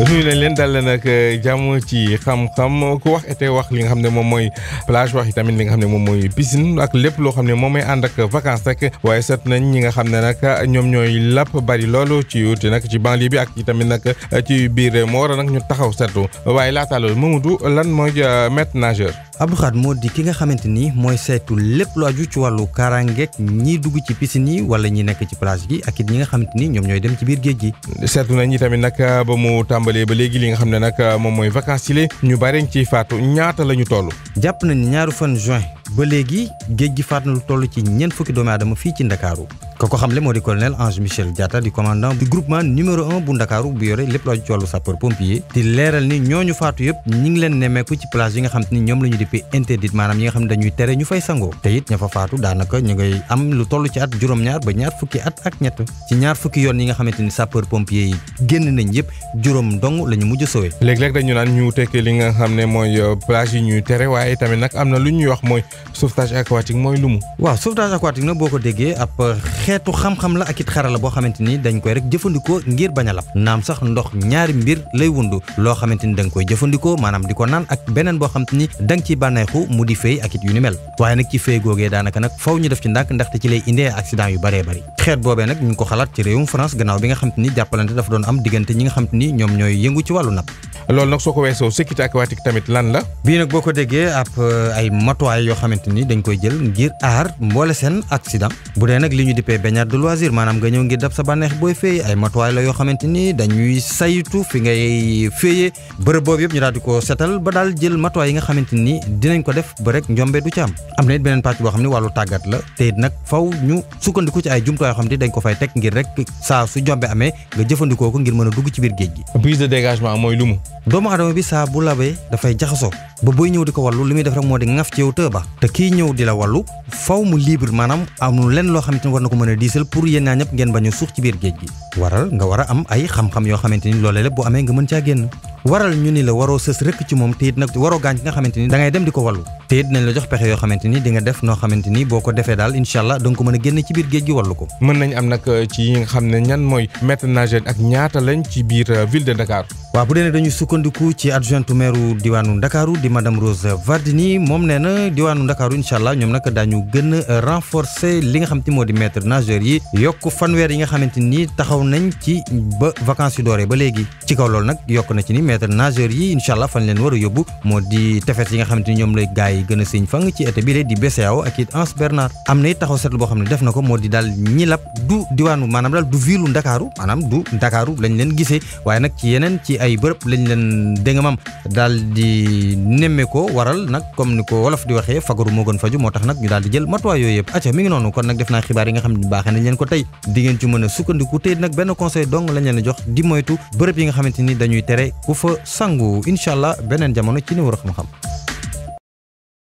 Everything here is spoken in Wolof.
nuyu nañ leen dal nag eh, jàmm ci xam-xam ku wax été wax li nga xam ne moom mooy plage wax yi tamit li nga xam ne moom mooy bisin ak lépp loo xam ne moom mooy ànd ak vacances rek waaye seet nañ ñi nga xam ne nag eh, ñoom ñooy lapp bari loolu ci wuti nag ci banlieue bi ak i tamit nag eh, ci biir moo war a nag ñu taxaw seetu waaye laata loolu Mamadou lan mooy maître nageur. Abdou Khad moo di ki nga xamante ni mooy saytu lépp lu aju ci wàllu kaaraangeeg ñiy dugg ci piscine yi wala ñi nekk ci plage gi ak it ñi nga xamante ni ñoom ñooy dem ci biir géej gi. seetlu nañ ñi tamit nag ba mu tàmbalee ba léegi li nga xam ne nag moom mooy vacances yi ñu bari ciy faatu ñaata la ñu toll. jàpp nañ ñaaru fan juin ba léegi géej gi faat na lu toll ci ñeent fukki doomu aadama fii ci Ndakaaru. ko ko xamle moo di colonel Ange Michel Diatta di commandant du groupement numéro un bu Ndakaaru bu yore lépp loo ci wàllu sapeur di leeral ni ñooñu faatu yëpp ñi ngi leen nemmeeku ci plage yi nga xam ni ñoom la ñu dippee interdite maanaam yi nga xam ne dañuy tere ñu fay sangoo te ña fa faatu daanaka ñu ngay am lu toll ci at juróom-ñaar ba ñaar fukki at ak ñett ci ñaar fukki yoon yi nga xamante ni sapeur pompier yi génn nañ yëpp juróom a xeetu xam-xam la ak it xarala boo xamante ni dañ koy rek jëfandikoo ngir bañ a lab naam sax ndox ñaari mbir lay wundu loo xamante ni da nga koy jëfandikoo maanaam di ko naan ak beneen boo xamante ni da nga ciy bànneexu mu di fay ak it yu ni mel waaye nag ci fay googee daanaka nag faw ñu def ci ndànk ndaxte ci lay indee accident yu baree bari xeet boobee nag ñu ngi ko xalaat ci réewum France gannaaw bi nga xamante ni jàppalante dafa doon am diggante ñi nga xamante loolu nak soko wesso weesoo sécurité aquatique tamit lan la. bi nak boko ko ap eh, ay matuwaay yo xamanteni ni dañ koy jël ngir ar mbolé sen accident. budé nak liñu li ñu dippee baignade de loisir manam nga ñew ngir dab sa banex boy féey ay matuwaay la yo xamanteni dañuy saytu fi ngay féeyee bërëb bob yëp ñu daal di ko setal ba daal jël matuwaay yi nga xamanteni dinañ ko def ba rek ñombé du ci am. am na it benen parti bo xamni walu tagat la té nak faw ñu sukkandiku ci ay jumtuwaay yo xamanteni ne dañ ko fay tek ngir rek sa su njombe amé nga jëfëndiko ko ngir mëna dugg ci bir geej gi. prise de dégagement moy lumu doomu aadama bi saa bu labee dafay jaxasoo ba booy ñëw di ko wallu lu muy def rek moo di ŋaf ci yow tëba te kii ñëw di la wàllu faw mu libre maanaam amul lenn loo xamante ni war na ko mën a diisal pour yéen ñaa ñëpp ngeen bañ suux ci biir géej gi waral nga war a am ay xam-xam yoo xamante ni loolee lépp boo amee nga mën caa génn waral ñu ni la waroo sës rëkk ci moom te it nag waroo gaañ ki nga xamante ni da dem di ko wàllu te it nañ la jox pexe yoo xamante ni di def noo xamante ni boo defee daal incha allah da nga ko biir géej gi wàllu ko mën nañ am nag ci ne ñan mooy maître nageur ak ñaata lañ ci biir euh, ville de wa bu dene dañu sukkandiku ci adjointu maire diwanu dakaru di madame Rose vardini mom nee diwanu dakaru inshallah ñom allah dañu nag gën renforcer li nga xamanteni modi maître nageur yi yokk fanwer yi nga xamanteni ni taxaw nañ ci ba vacances yu dooree ba léegi ci kaw loolu nak yok na ci ni maître nageur yi inshallah allah fan leen wara yobbu modi tefet yi nga xamanteni ñom lay gaay yi gën fang ci été bi di BCEAO ak it ans Bernard Amne taxaw set bo xam def nako modi dal ñilap du diwanu manam dal du ville dakaru manam du dakaru lañ leen gisee waye nak ci yenen ci ay bërëb lañ leen dégg nga di nemme ko waral nag comme ni ko wolof di waxee fagaru moo gën faju moo tax nag ñu daal di jël matuwaay yooyu yëpp acca mi ngi noonu kon nag def naa xibaar yi nga xam ne baaxee nañ leen ko tey di ci mën a sukkandiku tey nag benn conseil dong lañ leen jox di moytu bërëb yi nga xamante ni dañuy tere ku fa sangu incha beneen jamono ci niveau xam-xam